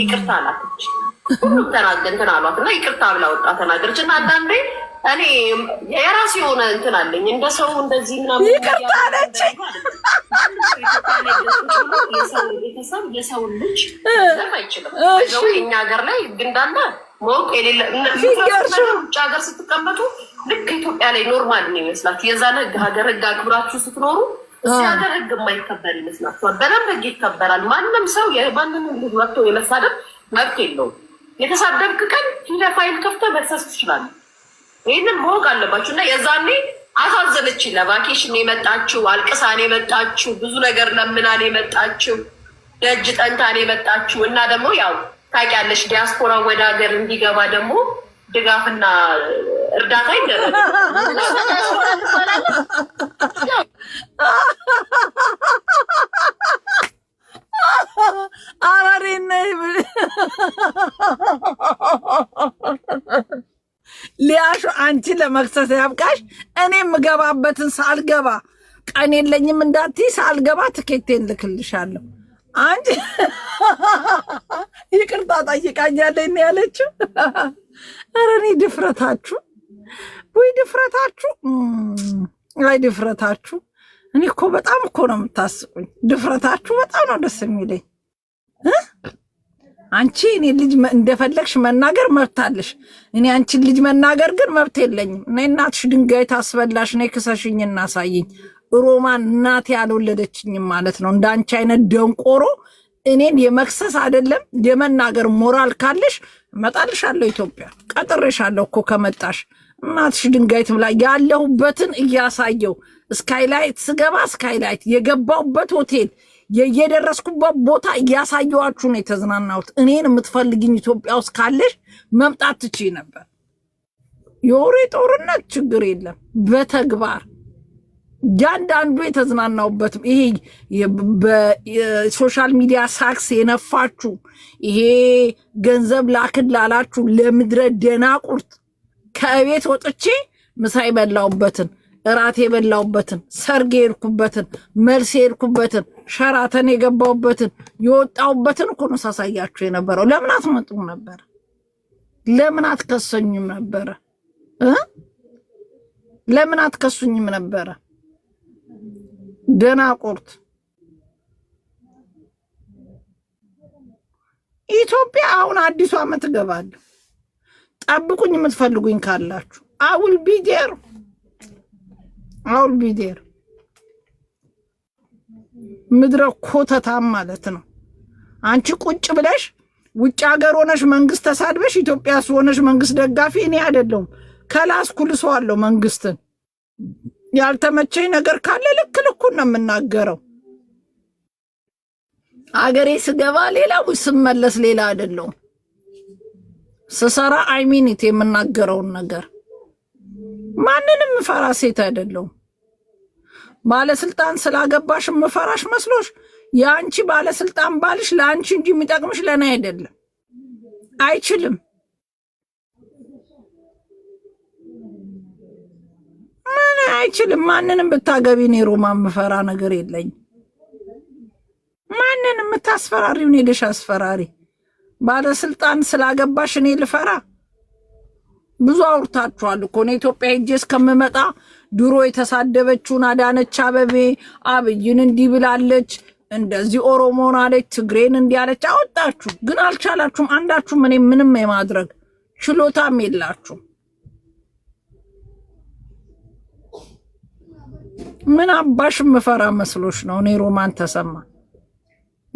ይቅርታ አላትች ሁሉም ተናገ እንትን አሏት እና ይቅርታ ብላ ወጣ ተናገረች። እና አንዳንዴ እኔ የራሱ የሆነ እንትን አለኝ እንደ ሰው እንደዚህ ምናምን ይቅርታ ነች። የሰው ቤተሰብ የሰው ልጅ አይችልም። እኛ ሀገር ላይ ግንዳለ ሞቅ የሌለ ውጭ ሀገር ስትቀመጡ ልክ ኢትዮጵያ ላይ ኖርማል ነው ይመስላችሁ። የዛን ህግ ሀገር ህግ አክብራችሁ ስትኖሩ እዚህ የማይከበር ይመስላቸዋል። በደንብ ህግ ይከበራል። ማንም ሰው ማንንም ህግ መጥቶ የመሳደብ መብት የለውም። የተሳደብክ ቀን እንደ ፋይል ከፍተ መሰስ ትችላል። ይህንን ማወቅ አለባችሁ እና የዛኔ አሳዘነች። ለቫኬሽን የመጣችው አልቅሳን የመጣችው ብዙ ነገር ለምናን የመጣችው ደጅ ጠንታን የመጣችው እና ደግሞ ያው ታውቂያለሽ ዲያስፖራ ወደ ሀገር እንዲገባ ደግሞ ድጋፍና እርዳታ ይደረጋል። አንቺ ለመክሰስ ያብቃሽ። እኔ የምገባበትን ሳልገባ ቀን የለኝም እንዳትይ ሳልገባ ትኬቴን ልክልሻለሁ። አንቺ ይቅርታ ጠይቃኛለኝ ያለችው። ኧረ እኔ ድፍረታችሁ ወይ ድፍረታችሁ፣ አይ ድፍረታችሁ። እኔ እኮ በጣም እኮ ነው የምታስቁኝ። ድፍረታችሁ በጣም ነው ደስ የሚለኝ። አንቺ እኔ ልጅ እንደፈለግሽ መናገር መብታለሽ። እኔ አንቺን ልጅ መናገር ግን መብት የለኝም። እኔ እናትሽ ድንጋይ ታስበላሽ። እኔ ክሰሽኝ እናሳይኝ። ሮማን እናቴ አልወለደችኝም ማለት ነው። እንደ አንቺ አይነት ደንቆሮ እኔን የመክሰስ አይደለም የመናገር ሞራል ካለሽ እመጣልሻለሁ። ኢትዮጵያ ቀጥሬሻለሁ እኮ ከመጣሽ እናትሽ ድንጋይ ትብላ። ያለሁበትን እያሳየው ስካይላይት ስገባ ስካይላይት የገባሁበት ሆቴል የደረስኩበት ቦታ እያሳየኋችሁ ነው የተዝናናሁት። እኔን የምትፈልግኝ ኢትዮጵያ ውስጥ ካለሽ መምጣት ትችይ ነበር። የወሬ ጦርነት ችግር የለም። በተግባር እያንዳንዱ የተዝናናውበትም ይሄ በሶሻል ሚዲያ ሳክስ የነፋችሁ ይሄ ገንዘብ ላክን ላላችሁ ለምድረ ደናቁርት ከቤት ወጥቼ ምሳ የበላሁበትን እራት የበላሁበትን ሰርግ የሄድኩበትን መልስ የሄድኩበትን ሸራተን የገባውበትን የወጣውበትን እኮ ነው ሳሳያችሁ የነበረው። ለምን አትመጡም ነበር? ለምን አትከሰኙም ነበረ? ለምን አትከሱኝም ነበረ? ደናቁርት ኢትዮጵያ። አሁን አዲሱ ዓመት እገባለሁ። ጠብቁኝ የምትፈልጉኝ ካላችሁ። አውል ቢዴር አውል ቢዴር ምድረ ኮተታም ማለት ነው። አንቺ ቁጭ ብለሽ ውጭ ሀገር ሆነሽ መንግስት ተሳድበሽ ኢትዮጵያ ሆነሽ መንግስት ደጋፊ እኔ አይደለሁም ከላስ አለው መንግስትን። ያልተመቸኝ ነገር ካለ ልክ ልኩን ነው የምናገረው። አገሬ ስገባ ሌላ ስመለስ ሌላ አይደለሁም። ስሰራ አይሚኒት የምናገረውን ነገር ማንንም ፈራ ሴት አይደለሁም። ባለስልጣን ስላገባሽ ምፈራሽ መስሎሽ? የአንቺ ባለስልጣን ባልሽ ለአንቺ እንጂ የሚጠቅምሽ ለእኔ አይደለም። አይችልም። ምን አይችልም። ማንንም ብታገቢ እኔ ሮማ ምፈራ ነገር የለኝ። ማንንም የምታስፈራሪውን ሄደሽ አስፈራሪ። ባለስልጣን ስላገባሽ እኔ ልፈራ? ብዙ አውርታችኋል እኮ እኔ ኢትዮጵያ ሄጄ እስከምመጣ ድሮ የተሳደበችውን አዳነች አበቤ አብይን እንዲህ ብላለች፣ እንደዚህ ኦሮሞን አለች፣ ትግሬን እንዲህ አለች። አወጣችሁ ግን አልቻላችሁም። አንዳችሁም እኔ ምንም የማድረግ ችሎታም የላችሁም። ምን አባሽ ምፈራ መስሎሽ ነው? እኔ ሮማን ተሰማ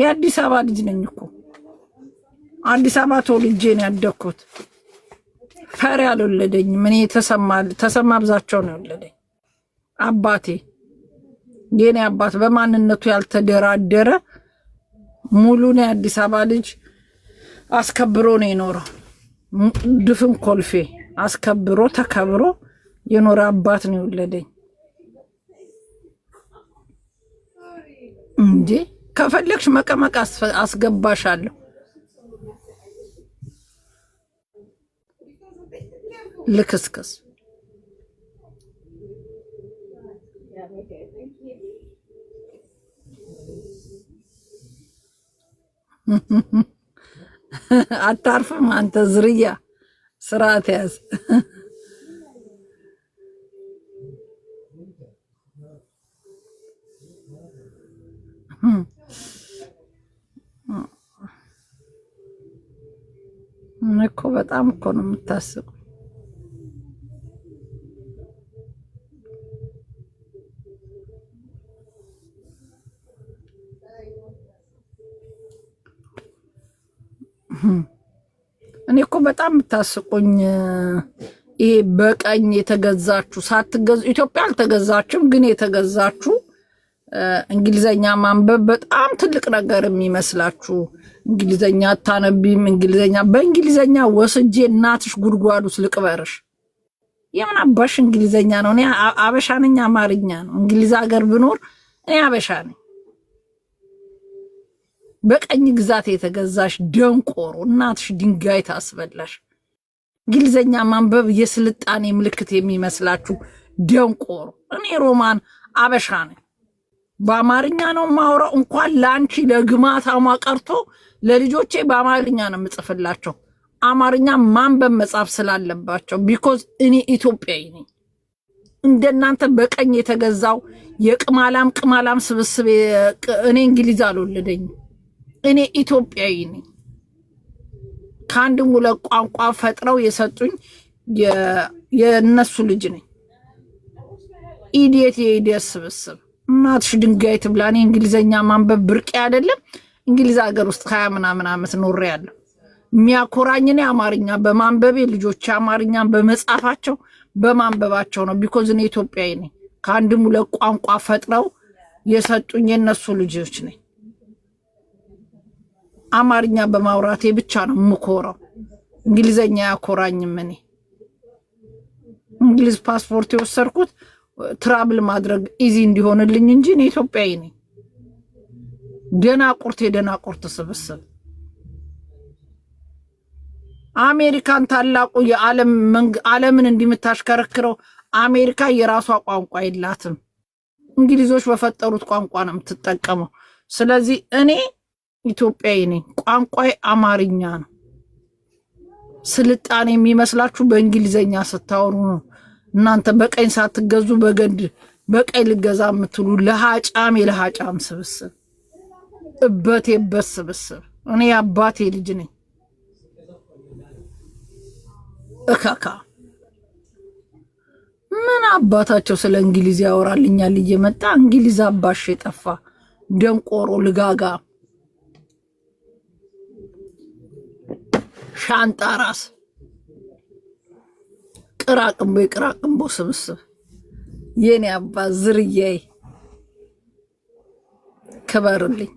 የአዲስ አበባ ልጅ ነኝ እኮ አዲስ አበባ ተወልጄ ነው ያደግኩት። ፈሪ አልወለደኝም። እኔ ተሰማ ብዛቸው ነው የወለደኝ። አባቴ የኔ አባት በማንነቱ ያልተደራደረ ሙሉን የአዲስ አበባ ልጅ አስከብሮ ነው የኖረው። ድፍን ኮልፌ አስከብሮ ተከብሮ የኖረ አባት ነው የወለደኝ። እንዴ ከፈለግሽ መቀመቅ አስገባሻለሁ። ልክስክስ አታርፍም አንተ ዝርያ ስርዓት ያዝ። እኮ በጣም እኮ ነው የምታስበው። በጣም የምታስቁኝ ይሄ በቀኝ የተገዛችሁ ሳትገዙ ኢትዮጵያ አልተገዛችም፣ ግን የተገዛችሁ እንግሊዘኛ ማንበብ በጣም ትልቅ ነገር የሚመስላችሁ እንግሊዘኛ አታነቢም። እንግሊዘኛ በእንግሊዘኛ ወስጄ እናትሽ ጉድጓድ ውስጥ ልቅበርሽ። የምን አባሽ እንግሊዘኛ ነው? እኔ አበሻ ነኝ፣ አማርኛ ነው። እንግሊዝ ሀገር ብኖር እኔ አበሻ ነኝ። በቀኝ ግዛት የተገዛሽ ደንቆሮ እናትሽ ድንጋይ ታስበላሽ። እንግሊዘኛ ማንበብ የስልጣኔ ምልክት የሚመስላችሁ ደንቆሮ። እኔ ሮማን አበሻ ነኝ፣ በአማርኛ ነው ማውራው። እንኳን ለአንቺ ለግማታሟ ቀርቶ ለልጆቼ በአማርኛ ነው የምጽፍላቸው። አማርኛ ማንበብ መጻፍ ስላለባቸው ቢኮዝ እኔ ኢትዮጵያዊ ነኝ። እንደናንተ በቀኝ የተገዛው የቅማላም ቅማላም ስብስብ እኔ እንግሊዝ አልወለደኝም። እኔ ኢትዮጵያዊ ነኝ። ከአንድም ሁለት ቋንቋ ፈጥረው የሰጡኝ የእነሱ ልጅ ነኝ። ኢዲየት የኢዲየት ስብስብ እናትሽ ድንጋይ ትብላ። እኔ እንግሊዘኛ ማንበብ ብርቄ አይደለም። እንግሊዝ ሀገር ውስጥ ሀያ ምናምን ዓመት ኖሬ ያለው የሚያኮራኝ እኔ አማርኛ በማንበቤ ልጆች አማርኛን በመጻፋቸው በማንበባቸው ነው። ቢኮዝ እኔ ኢትዮጵያዊ ነኝ። ከአንድም ሁለት ቋንቋ ፈጥረው የሰጡኝ የእነሱ ልጆች ነኝ። አማርኛ በማውራቴ ብቻ ነው የምኮረው። እንግሊዘኛ ያኮራኝም። እኔ እንግሊዝ ፓስፖርት የወሰድኩት ትራብል ማድረግ ኢዚ እንዲሆንልኝ እንጂ እኔ ኢትዮጵያዊ ነኝ። ደናቁርት የደናቁርት ስብስብ አሜሪካን ታላቁ የዓለም እንዲምታሽከረክረው አሜሪካ የራሷ ቋንቋ የላትም። እንግሊዞች በፈጠሩት ቋንቋ ነው የምትጠቀመው። ስለዚህ እኔ ኢትዮጵያዊ ነኝ። ቋንቋ አማርኛ ነው። ስልጣኔ የሚመስላችሁ በእንግሊዘኛ ስታወሩ ነው። እናንተ በቀኝ ሳትገዙ በገድ በቀኝ ልገዛ የምትሉ ለሃጫም የለሃጫም ስብስብ እበቴበት ስብስብ። እኔ አባቴ ልጅ ነኝ። እካካ ምን አባታቸው ስለ እንግሊዝ ያወራልኛል? እየመጣ እንግሊዝ አባሽ የጠፋ ደንቆሮ ልጋጋ ሻንጣ ራስ ቅራቅንቦ የቅራቅንቦ ስብስብ የኔ አባ ዝርያዬ ክበርልኝ።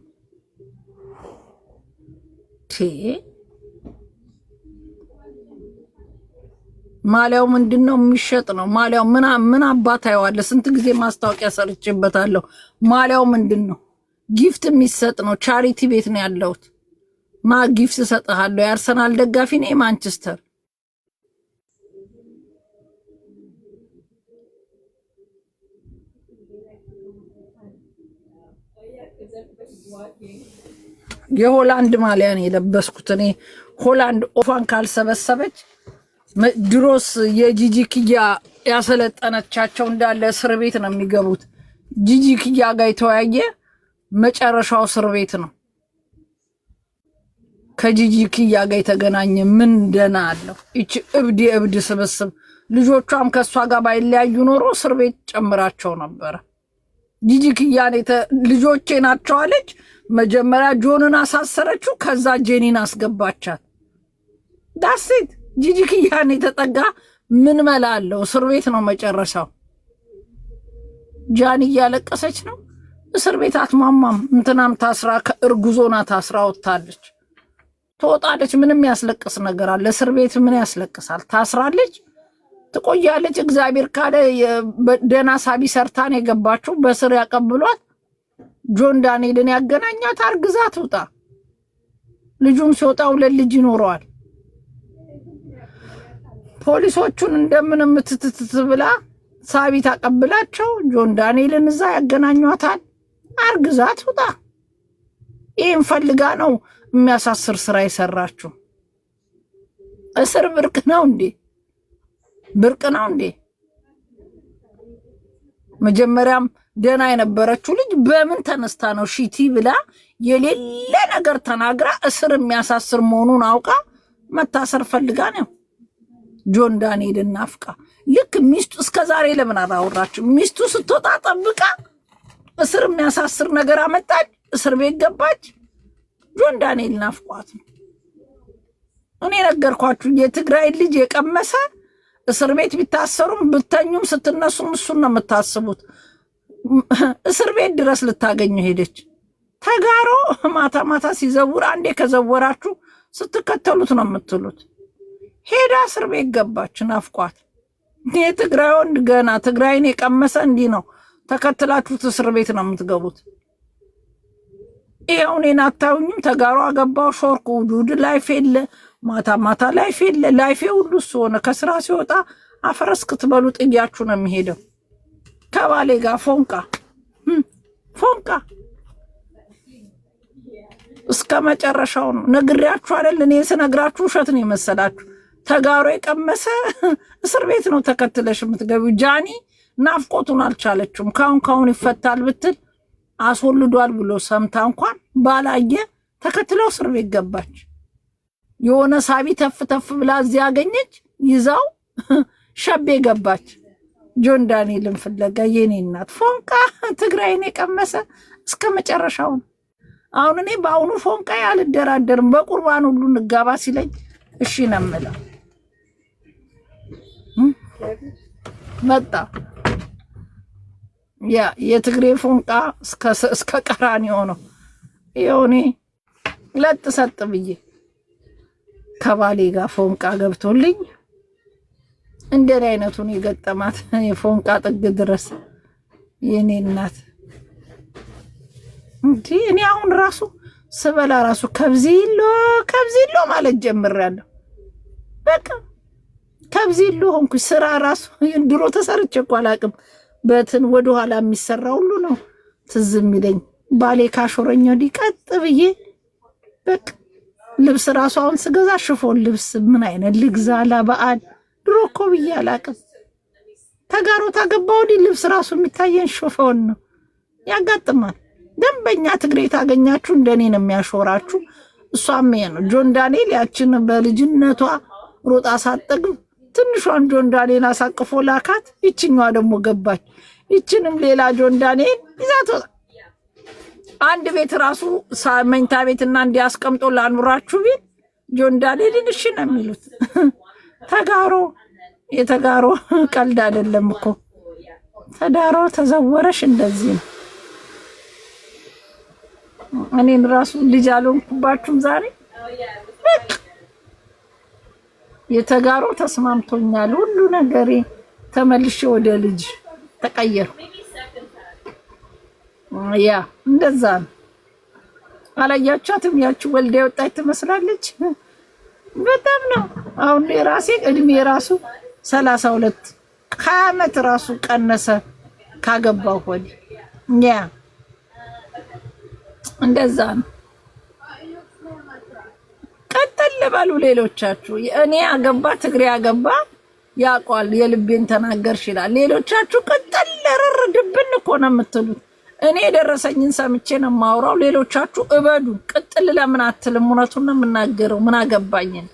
ማሊያው ምንድን ነው? የሚሸጥ ነው ማሊያው። ምን አባት አየዋለ። ስንት ጊዜ ማስታወቂያ ሰርችበታለሁ? ማሊያው ምንድን ነው? ጊፍት የሚሰጥ ነው። ቻሪቲ ቤት ነው ያለሁት። ማ ጊፍት እሰጥሃለሁ። የአርሰናል ደጋፊ ነኝ። ማንቸስተር የሆላንድ ማሊያን የለበስኩት እኔ ሆላንድ ኦፋን ካልሰበሰበች ድሮስ የጂጂ ክያ ያሰለጠነቻቸው እንዳለ እስር ቤት ነው የሚገቡት። ጂጂ ክያ ጋር የተወያየ መጨረሻው እስር ቤት ነው። ከጂጂ ጋር የተገናኘ ምን ደህና አለው? ይቺ እብድ የእብድ ስብስብ። ልጆቿም ከእሷ ጋር ባይለያዩ ኖሮ እስር ቤት ጨምራቸው ነበረ። ጂጂ ልጆቼ ናቸው አለች። መጀመሪያ ጆንን አሳሰረችው፣ ከዛ ጄኒን አስገባቻት። ዳሴት ጂጂ የተጠጋ ምን መላ አለው? እስር ቤት ነው መጨረሻው። ጃን እያለቀሰች ነው እስር ቤት። አትማማም። እንትናም ታስራ ከእርጉዞና ታስራ ወጥታለች። ትወጣለች። ምንም ያስለቅስ ነገር አለ? እስር ቤት ምን ያስለቅሳል? ታስራለች፣ ትቆያለች። እግዚአብሔር ካለ ደህና ሳቢ ሰርታን የገባችው በስር ያቀብሏት፣ ጆን ዳንኤልን ያገናኛት፣ አርግዛ ትውጣ። ልጁም ሲወጣ ሁለት ልጅ ይኖረዋል። ፖሊሶቹን እንደምንም ትትትት ብላ ሳቢ ታቀብላቸው፣ ጆን ዳንኤልን እዛ ያገናኟታል። አርግዛ ትውጣ። ይህን ፈልጋ ነው የሚያሳስር ስራ የሰራችሁ? እስር ብርቅ ነው እንዴ? ብርቅ ነው እንዴ? መጀመሪያም ደህና የነበረችው ልጅ በምን ተነስታ ነው ሺቲ ብላ የሌለ ነገር ተናግራ እስር የሚያሳስር መሆኑን አውቃ መታሰር ፈልጋ ነው። ጆን ዳንኤልን ናፍቃ ልክ ሚስቱ እስከ ዛሬ ለምን አላወራችሁ? ሚስቱ ስትወጣ ጠብቃ እስር የሚያሳስር ነገር አመጣች፣ እስር ቤት ገባች። ጆን ዳንኤል ናፍቋት ነው። እኔ ነገርኳችሁ፣ የትግራይ ልጅ የቀመሰ እስር ቤት ቢታሰሩም ብተኙም ስትነሱም እሱን ነው የምታስቡት። እስር ቤት ድረስ ልታገኙ ሄደች። ተጋሮ ማታ ማታ ሲዘውር አንዴ ከዘወራችሁ ስትከተሉት ነው የምትሉት። ሄዳ እስር ቤት ገባች፣ ናፍቋት። የትግራይ ወንድ ገና ትግራይን የቀመሰ እንዲህ ነው፣ ተከትላችሁት እስር ቤት ነው የምትገቡት። ይኸው እኔን አታዩኝም። ተጋሩ አገባው ሾርኩ ውዱድ ላይፍ የለ ማታ ማታ ላይፍ የለ ላይፌ ሁሉ እሱ ሆነ። ከስራ ሲወጣ አፈር እስክትበሉ ጥያችሁ ነው የሚሄደው። ከባሌ ጋር ፎንቃ ፎንቃ እስከ መጨረሻው ነው። ነግሬያችሁ አይደል? እኔ ስነግራችሁ ውሸት ነው የመሰላችሁ። ተጋሮ የቀመሰ እስር ቤት ነው ተከትለሽ የምትገቢው። ጃኒ ናፍቆቱን አልቻለችውም። ካሁን ካሁን ይፈታል ብትል አስወልዷል ብሎ ሰምታ እንኳን ባላየ ተከትለው እስር ቤት ገባች። የሆነ ሳቢ ተፍ ተፍ ብላ እዚያ ያገኘች ይዛው ሸቤ ገባች። ጆን ዳንኤልን ፍለጋ የኔ እናት ፎንቃ ትግራይን የቀመሰ እስከ መጨረሻው ነው። አሁን እኔ በአሁኑ ፎንቃ አልደራደርም። በቁርባን ሁሉ ንጋባ ሲለኝ እሺ ነምለው መጣ የትግሬ ፉንቃ እስከ ቀራንዮ ነው። የሆኔ ለጥ ሰጥ ብዬ ከባሌ ጋር ፎንቃ ገብቶልኝ እንደኔ አይነቱን የገጠማት የፎንቃ ጥግ ድረስ የኔ እናት እንዲ እኔ አሁን ራሱ ስበላ ራሱ ከብዚሎ ከብዚሎ ማለት ጀምሬያለሁ። በቃ ከብዚሎ ሆንኩ። ስራ ራሱ ድሮ ተሰርቼ እኮ አላቅም። በትን ወደኋላ የሚሰራ ሁሉ ነው ትዝ የሚለኝ ባሌ ካሾረኝ ወዲህ ቀጥ ብዬ በቃ ልብስ ራሱ አሁን ስገዛ ሽፎን ልብስ ምን አይነት ልግዛ ለበዓል ድሮ እኮ ብዬ አላቅም። ተጋሮ ታገባ ወዲህ ልብስ ራሱ የሚታየን ሽፎን ነው። ያጋጥማል። ደንበኛ ትግሬ ታገኛችሁ እንደኔ ነው የሚያሾራችሁ። እሷም ነው ጆን ዳንኤል ያችን በልጅነቷ ሮጣ ሳጠግብ ትንሿን ጆንዳኔን አሳቅፎ ላካት። ይችኛዋ ደግሞ ገባች። ይችንም ሌላ ጆንዳኔን ይዛት አንድ ቤት ራሱ መኝታ ቤትና እንዲያስቀምጦ ላኑራችሁ ቤት ጆንዳኔን እሺ ነው የሚሉት። ተጋሮ የተጋሮ ቀልድ አይደለም እኮ ተዳሮ ተዘወረሽ እንደዚህ ነው። እኔን ራሱ ልጅ አልሆንኩባችሁም ዛሬ የተጋሮ ተስማምቶኛል። ሁሉ ነገሬ ተመልሼ ወደ ልጅ ተቀየር ያ እንደዛ ነው። አላያቻትም? ያቺ ወልዳ የወጣች ትመስላለች። በጣም ነው። አሁን የራሴ እድሜ ራሱ ሰላሳ ሁለት ከአመት ራሱ ቀነሰ ካገባሁ ወዲህ ያ እንደዛ ነው። በሉ ሌሎቻችሁ። እኔ አገባ ትግሬ አገባ ያቋል የልቤን ተናገርሽ ይላል። ሌሎቻችሁ ቅጥል ርር ድብን እኮ ነው የምትሉት። እኔ የደረሰኝን ሰምቼ ነው የማውራው። ሌሎቻችሁ እበዱ ቅጥል ለምን አትልም? እውነቱን ነው የምናገረው። ምን አገባኝን